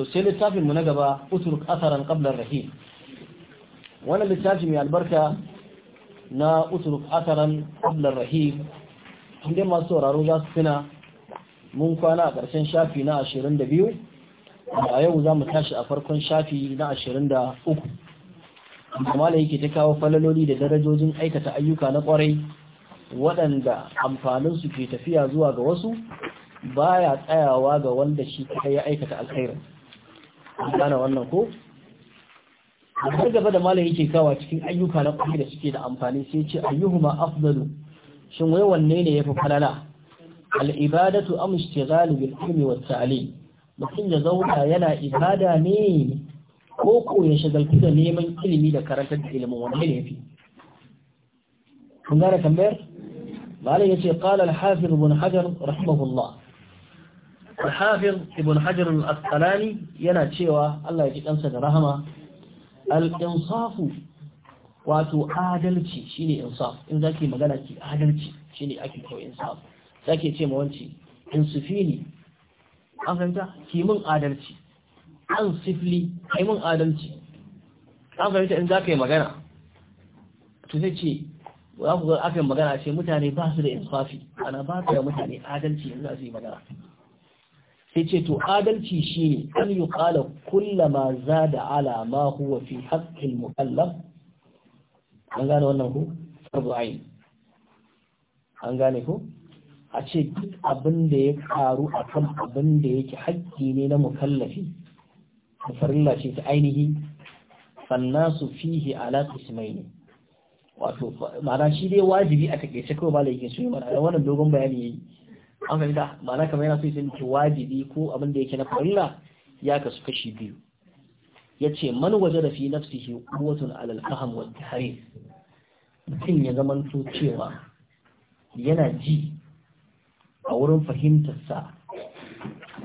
to sai littafin mu na gaba uturk asaran qabla rahim wannan littafi mai albarka na uturk asaran ƙablar rahim inda masu sauraro za su tuna mun kwana a ƙarshen shafi na 22 a yau za mu tashi a farkon shafi na 23 kuma da yake ta kawo falaloli da darajojin aikata ayyuka na kwarai waɗanda amfaninsu ke tafiya zuwa ga wasu baya tsayawa ga wanda shi ta ya aikata alkhairin gane wannan ko a gaba da malam yake kawa cikin ayyuka na kwafi da suke da amfani sai ce ayyuhuma afdalu shin wai wanne ne yafi falala al-ibadatu am ishtighalu bil ilmi wat ta'lim mutum ya zauna yana ibada ne ko ko ya shagaltu da neman ilimi da karantar da ilimin wanne ne yafi kun gane tambayar malam yace qala al-hafiz ibn hajar rahimahullah الحافظ ابن حجر الأسقلاني ينا تشيوى الله يجيك أنسى رحمة الإنصاف واتو عادلتي شيني إنصاف إن ذاكي مغانتي عادلتي شيني أكيد هو إنصاف ذاكي تشيما وانتي إنصفيني أفهمت كيمن عادلتي أنصفلي كيمن عادلتي أفهمت إن ذاكي مغانا تذكي وأفضل أكي مغانا أشي متاني باسر إنصافي أنا باسر متاني عادلتي إن ذاكي مغانا sai ce to adalci shi ne an yi kala kullama za da alama huwa fi haƙƙin mu'allaf an gane wannan ku farbu ayin an gane ku a ce duk abin da ya karu a kan abin da yake haƙƙi ne na mukallafi da farilla ce ta ainihi fannasu fihi ala ne wato ma'ana shi dai wajibi a take shi kawai malaikin su mana da wannan dogon bayani yayi an fahimta ma'ana kamar yana so ya wajibi ko abin da yake na farilla ya kasu kashi biyu ya ce man waje da fi nafsihi kuwatun alal faham wa mutum ya zamanto cewa yana ji a wurin fahimtarsa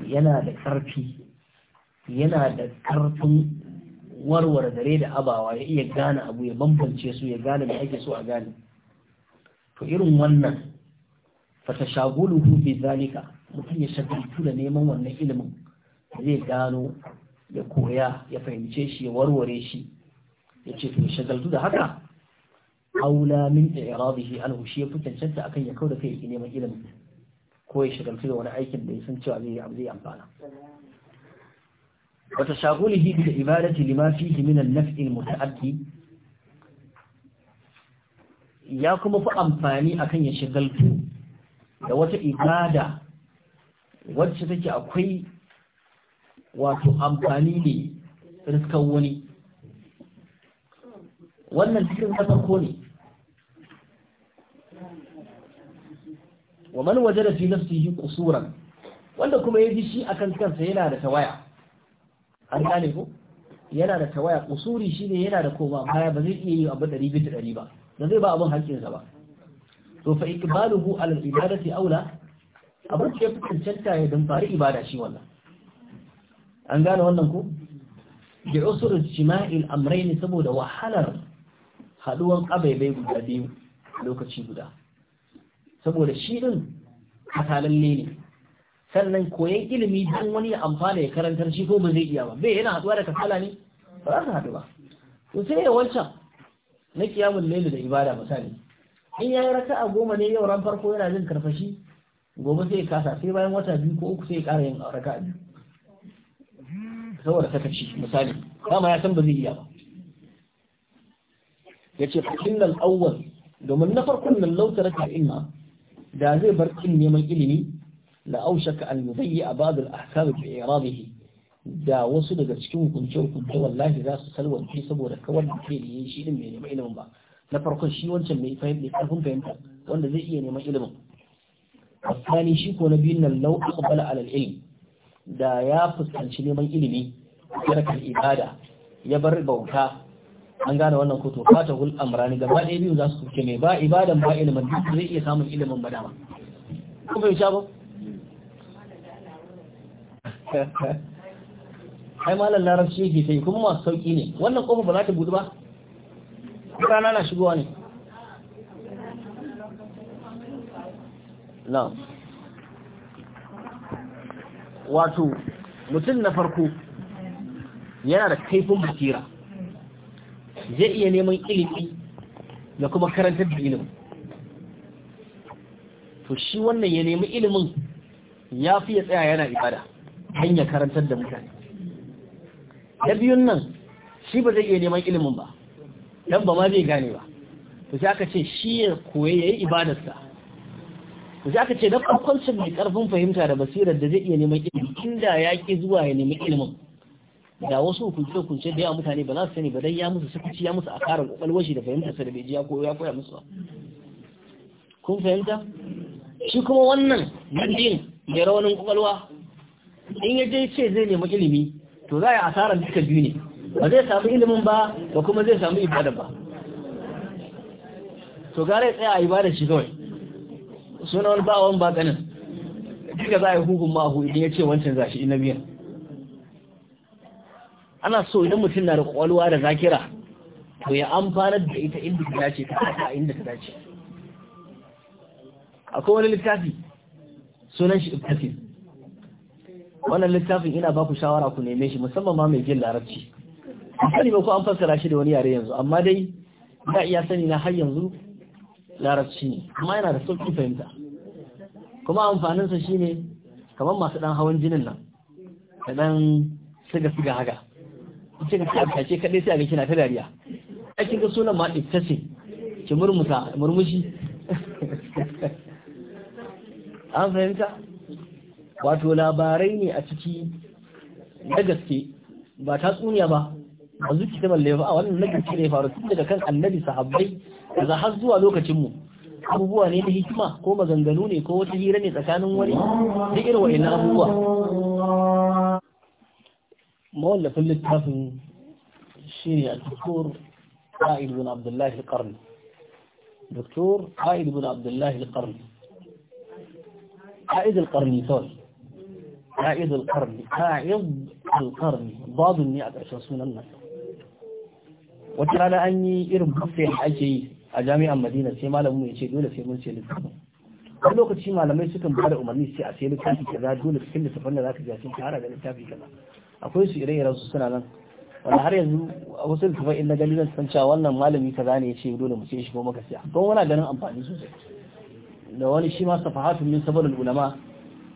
yana da ƙarfi yana da karfin warware dare da abawa ya iya gane abu ya bambance su ya gane mai ake so a gane to irin wannan fatashaguluhu bi zalika mutum ya shagaltu da neman wannan ilimin zai gano ya koya ya fahimce shi ya warware shi ya ce to shagaltu da haka aula min i'radihi anhu shi ya cancanta akan ya da kai ya neman ilimin ko ya shagaltu da wani aikin da ya san cewa zai zai amfana wata shagulihi da ibadati lima fihi min an-naf'i al-muta'addi ya kuma fi amfani akan ya shagaltu da wata ibada wacce take akwai wato amfani ne riskan wani wannan cikin na ko ne wa man wajada fi nafsihi qusuran wanda kuma yaji shi akan kansa yana da tawaya an gane ko yana da tawaya kusuri shine yana da koma baya ba zai iya yi abu 100 bisa 100 ba ba zai ba abun hakkin sa ba to fa ikbaluhu ala ibadati aula abin da ya fi cancanta ya dumfari ibada shi wannan an gane wannan ku bi usur jima'il amrayn saboda wahalar haduwan kabaibai guda biyu lokaci guda saboda shi din katalalle ne sannan koyan ilimi don wani ya amfana ya karantar shi ko ba zai iya ba bai yana haduwa da kasala ne ba za su haɗu ba to sai ya wancan na kiyamun laili da ibada misali in yayi raka'a goma ne yau ran farko yana jin karfashi gobe sai kasa sai bayan wata biyu ko uku sai ya ƙara yin raka'a biyu saboda sakaci misali dama ya san ba zai iya ba ya ce fakinnal awwal domin na farkon nan lautar ka inna da zai bar kin neman ilimi la aushaka an yudayyi ba'd al ahkam bi iradihi da wasu daga cikin hukunce hukunce wallahi za su salwance saboda kawar da ke da yin shi din bai neman ilimin ba na farkon shi wancan mai karfin fahimta wanda zai iya neman ilimin asali shi ko na biyun nan lau aqbala alal ilm da ya fuskanci neman ilimi yarkar ibada ya bar bauta an gane wannan ko to fata hul amrani gaba ɗaya biyu za su kuke mai ba ibadan ba ilimin duk zai iya samun ilimin ba dama Kuma bai sha ba ai malam larabci ke sai kuma masu sauƙi ne wannan kofa ba za ta budu ba na ne na wato mutum na farko yana da kaifin basira zai iya neman ilimi da kuma karantar da ilimin to shi wannan ya nemi ilimin ya fi ya tsaya yana ibada hanya karantar da mutane da biyun nan shi ba zai iya neman ilimin ba ba ma zai gane ba to sai aka ce shi ya koye yayi ibadarsa to sai aka ce da kwancin mai karfin fahimta da basirar da zai iya neman ilimi inda ya ki zuwa ya nemi ilimin da wasu hukunce hukunce da ya mutane ba za su sani ba dan ya musu sukuci ya musu a karin shi da fahimta sa da bai ji ya koya koya musu ba kun fahimta shi kuma wannan mandin mai rawanin kwakwalwa in ya je ce zai nemi ilimi to za a yi asarar duka biyu ne ba zai samu ilimin ba ba kuma zai samu ibada ba to gara ya tsaya a ibada shi kawai suna wani bawon ba ganin duka za a yi hukun mahu idan ya ce wancan za shi ina biyan ana so idan mutum na da kwakwalwa da zakira to ya amfanar da ita inda ta dace ta a inda ta dace akwai wani littafi sunan shi ibtafi wannan littafin ina baku shawara ku neme shi musamman ma mai jin larabci sani ba ko an fassara shi da wani yare yanzu amma dai ba iya sani na har yanzu larabci ne amma yana da sauƙin fahimta kuma amfaninsa shine kamar masu ɗan hawan jinin nan da ɗan siga siga haka ce ka kaɗai sai a ga kina ta dariya a ga sunan ma ce ki murmusa murmushi an fahimta wato labarai ne a ciki na gaske ba tatsuniya ba manzo ki ta balle ba a wannan nabi ki ne faru tun daga kan annabi sahabbai da har zuwa lokacin mu abubuwa ne na hikima ko maganganu ne ko wata hira ne tsakanin wani da irin wa'annan abubuwa mawallafin littafin shi ne a tukur قائد بن عبد الله القرن دكتور قائد بن عبد الله القرن قائد القرن سوري قائد القرن قائد القرن بعض النعت عشان سنة الناس wata rana an yi irin buffet da ake yi a jami'an madina sai malamin ya ce dole sai mun sai littafin wani lokaci malamai sukan ba da umarni sai a sai littafi kaza dole cikin littafin da za ka ji tara da littafi kaza akwai su ire-iren su suna nan wanda har yanzu a wasu littafai in na gani zan san cewa wannan malami kaza ne ya ce dole mu sai shi ko maka siya don wani ganin amfani sosai da wani shi ma safahatun min sabalul ulama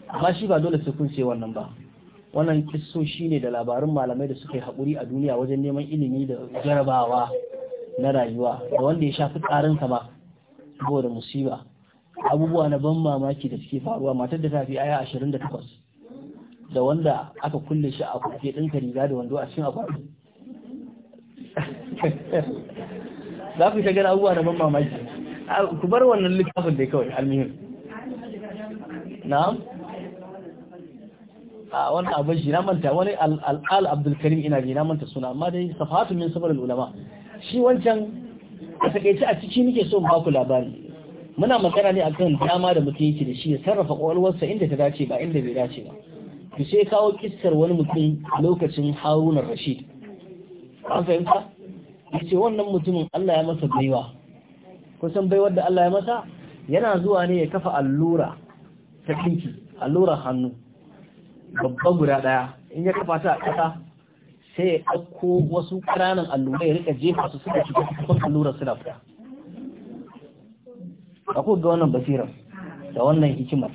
amma shi ba dole sai kun sai wannan ba wannan shi ne da labarin malamai da suka yi haƙuri a duniya wajen neman ilimi da jarabawa na rayuwa da wanda ya shafi ƙarinsa ba saboda musiba abubuwa na ban mamaki da suke faruwa matar da ta fi aya ashirin da takwas da wanda aka kulle shi a kurfe ɗinka riga da wando a cikin akwai za ku shagar ta abubuwa na ban mamaki ku bar wannan littafin da kawai almihim na'am a wani abin shi na manta wani al'al abdulkarim ina ji na manta suna amma dai safatu min sabar ulama shi wancan a takaice a ciki nake so ba ku labari muna magana ne akan dama da mutum yake da shi ya sarrafa kwalwarsa inda ta dace ba inda bai dace ba Ku sai kawo kissar wani mutum lokacin Haruna rashid an fahimta Ya ce wannan mutumin Allah ya masa baiwa kusan baiwar da Allah ya masa yana zuwa ne ya kafa allura ta kinki allura hannu babban guda ɗaya in ya kafa ta a ƙasa sai ya ɗauko wasu ƙananan allura ya rika jefa su suka shiga cikin allurar suna fita a ga wannan basirar da wannan hikimar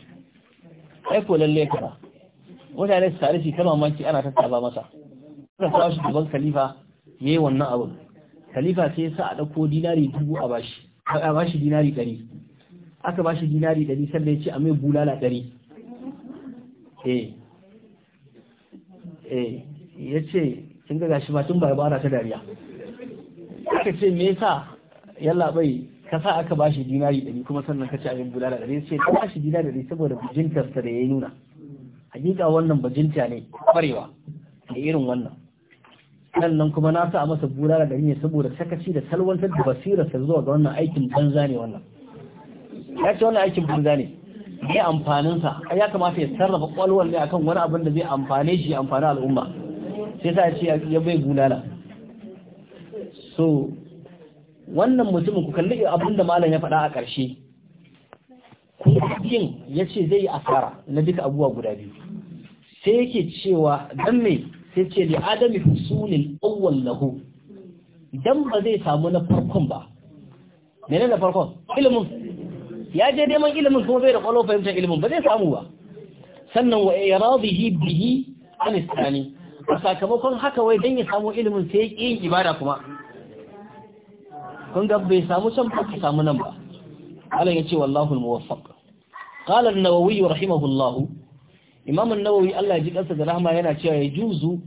ai ko lalle kaza mutane su tare shi kama mamaki ana tattaba masa suka ta shi gaban khalifa yi wannan abin khalifa sai ya sa a ɗauko dinari dubu a bashi a bashi dinari ɗari aka bashi dinari ɗari sannan ya ce a mai bulala ɗari eh Eh, ya ce kin ga gashi tun ba ana ta dariya aka ce me yasa yalla bai ka sa aka bashi dinari dari kuma sannan ka ci abin da ɗari sai ka bashi dinari dari saboda bajintarsa da ya yi nuna hakika wannan bajinta ne kwarewa da irin wannan sannan kuma na sa masa bula da ɗari ne saboda sakaci da salwantar da basirarsa zuwa ga wannan aikin banza ne wannan ya ce wannan aikin banza ne me amfaninsa ya kamata ya sarrafa kwalwar ne akan wani abin da zai amfane shi amfani al'umma sai sa ce ya bai gudana so wannan mutumin ku kalli abin da malam ya faɗa a ƙarshe kudin ya ce zai yi asara na duka abubuwa guda biyu sai yake cewa dan mai sai ce da adami husulil awwal lahu dan ba zai samu na farkon ba menene na farkon ilimin ya je neman ilimin kuma bai da kwallo fahimtar ilimin ba zai samu ba sannan wa iradihi bihi an istani a sakamakon haka wai dan ya samu ilimin sai ya yin ibada kuma kun ga bai samu can ba ka samu nan ba Allah ya ce wallahu al-muwaffaq qala an-nawawi rahimahullahu imam an-nawawi Allah ya ji kansa da rahma yana cewa ya juzu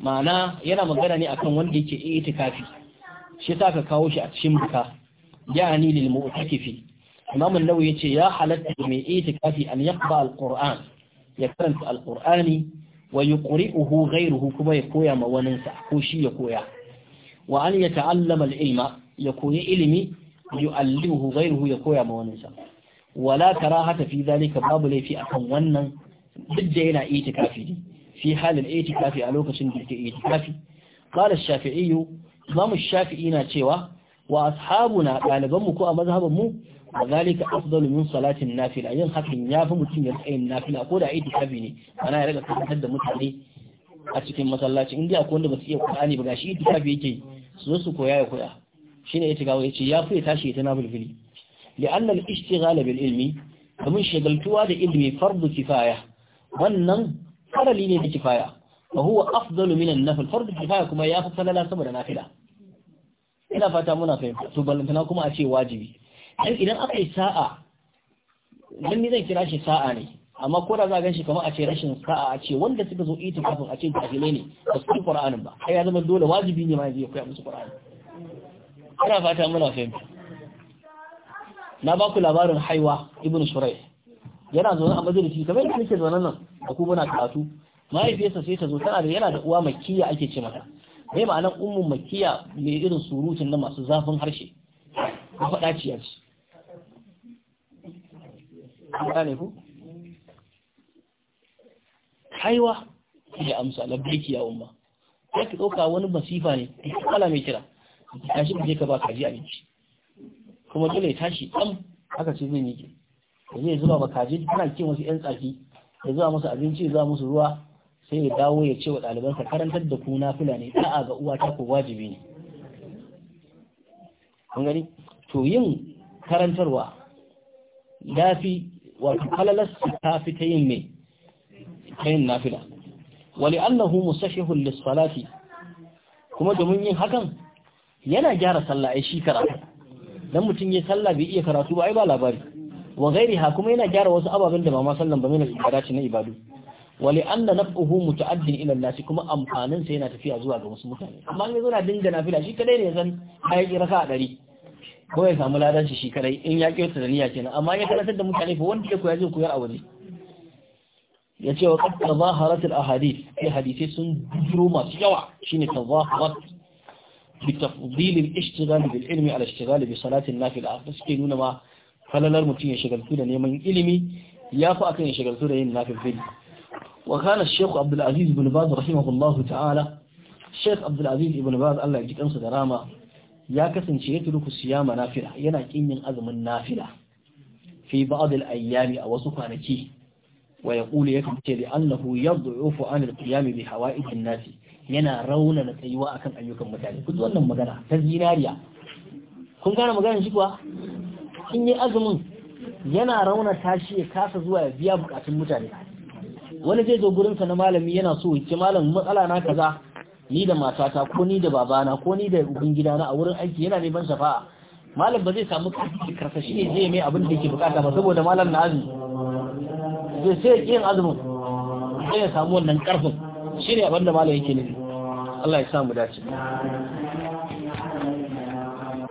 ma'ana yana magana ne akan wanda yake itikafi shi ta ka kawo shi a cikin buka yani lil mu'takifi imam an ce yace ya halatta mai itikafi an yaqra al ya karanta al wa yuqri'uhu ghayruhu kuma ya koya ma waninsa ko shi ya koya wa an yata'allama al-ilma ya koyi ilimi yu'allimuhu ghayruhu ya koya ma waninsa wala karahata fi zalika babu laifi akan wannan duk da yana itikafi ne fi halin itikafi a lokacin da yake itikafi qala ash-shafi'i imam ash-shafi'i na cewa wa ashabuna mu ko a mu. wa zalika afdalu min salatin nafila yin hakan yafi mutum ya tsayin nafila ko da aiki kafi ne ana ya raga karantar da mutane a cikin masallaci in dai akwai wanda ba su iya kurani ba gashi aiki kafi yake su zo su koya ya koya shine yace gawo ya ce ya tashi ta nafil fili li'anna al-ishtighala bil ilmi kamun shagaltuwa da ilmi fardu kifaya wannan farali ne da kifaya wa huwa afdalu min an-nafil fardu kifaya kuma yafi falala saboda da nafila ina fata muna fahimta to ballantana kuma a ce wajibi ai idan aka yi sa'a dan ni zan kira shi sa'a ne amma ko da za a ganshi kamar a ce rashin sa'a a ce wanda suka zo ita kafin a ce jahilai ne ba su Qur'anin ba ai ya zama dole wajibi ne ma yanzu ya koya musu Qur'ani ina fata muna fahimta na ba ku labarin Haiwa ibn Shuraih yana zaune a majalisi kamar yadda nake zaune nan da ku muna karatu mahaifiyarsa sai ta zo tana da yana da uwa makiya ake ce mata me ma'anar ummu makiya mai irin surutun na masu zafin harshe na faɗa an gane ku haiwa ya amsa labbaiki ya umma ya ka ɗauka wani masifa ne da kala mai kira ka tashi ka je ka ba kaji abinci kuma dole ya tashi ɗan haka ce zai miƙe da zai zuba ba kaji tana kin wasu ƴan tsaki ya zuba musu abinci ya zuba musu ruwa sai ya dawo ya ce wa ɗalibansa karantar da ku na fila ne ɗa'a ga uwa ta ko wajibi ne kun gani to yin karantarwa ya fi wato halalarsa ta fi ta yin mai ta yin nafila wali annahu musashihul lissalati kuma domin yin hakan yana gyara sallah ai shi karatu dan mutum ya sallah bai iya karatu ba ai ba labari wa ghairiha kuma yana gyara wasu ababen da mama sallan ba mai ibadati na ibadu wali anna naf'uhu muta'addin ila nasi kuma amfanin sa yana tafiya zuwa ga wasu mutane amma in zo na dinga nafila shi kadai ne zan ayi raka'a 100 ko ya samu ladan shi shi kadai in ya kyauta da niyya kenan amma ya karantar da mutane fa wanda ya koya zai koyar a waje ya ce wa qad tazaharat al ahadith sai sun duro masu yawa shine tazaharat bi tafdil al ishtighal bil ilmi ala ishtighal bi salati an nafila suke nuna ma falalar mutum ya shagaltu da neman ilimi ya fi akan ya shagaltu da yin nafilfili wa kana shaykh abdul aziz ibn baz rahimahullahu ta'ala shaykh abdul aziz ibn baz Allah ya ji kansa da rama ya kasance ya turku siyama nafila yana kin yin azumin nafila fi ba'd al-ayyami a wasu kwanaki wa yaqulu yakamce da annahu yad'ufu an al-qiyam bi hawa'id an-nas yana rauna na tsayuwa akan ayyukan mutane kun wannan magana ta zinariya kun gane maganar shi kuwa kin yi azumin yana rauna tashi ya kasa zuwa ya biya bukatun mutane wani zai zo gurinsa na malami yana so ya ce malam matsala na kaza ni da matata ko ni da babana ko ni da ubin gidana a wurin aiki yana neman shafa'a malam ba zai samu karfi shi ne zai mai abin da yake bukata ba saboda malam na azumi zai sai azumin zai ya samu wannan karfin ne abin da malam yake nufi Allah ya samu dace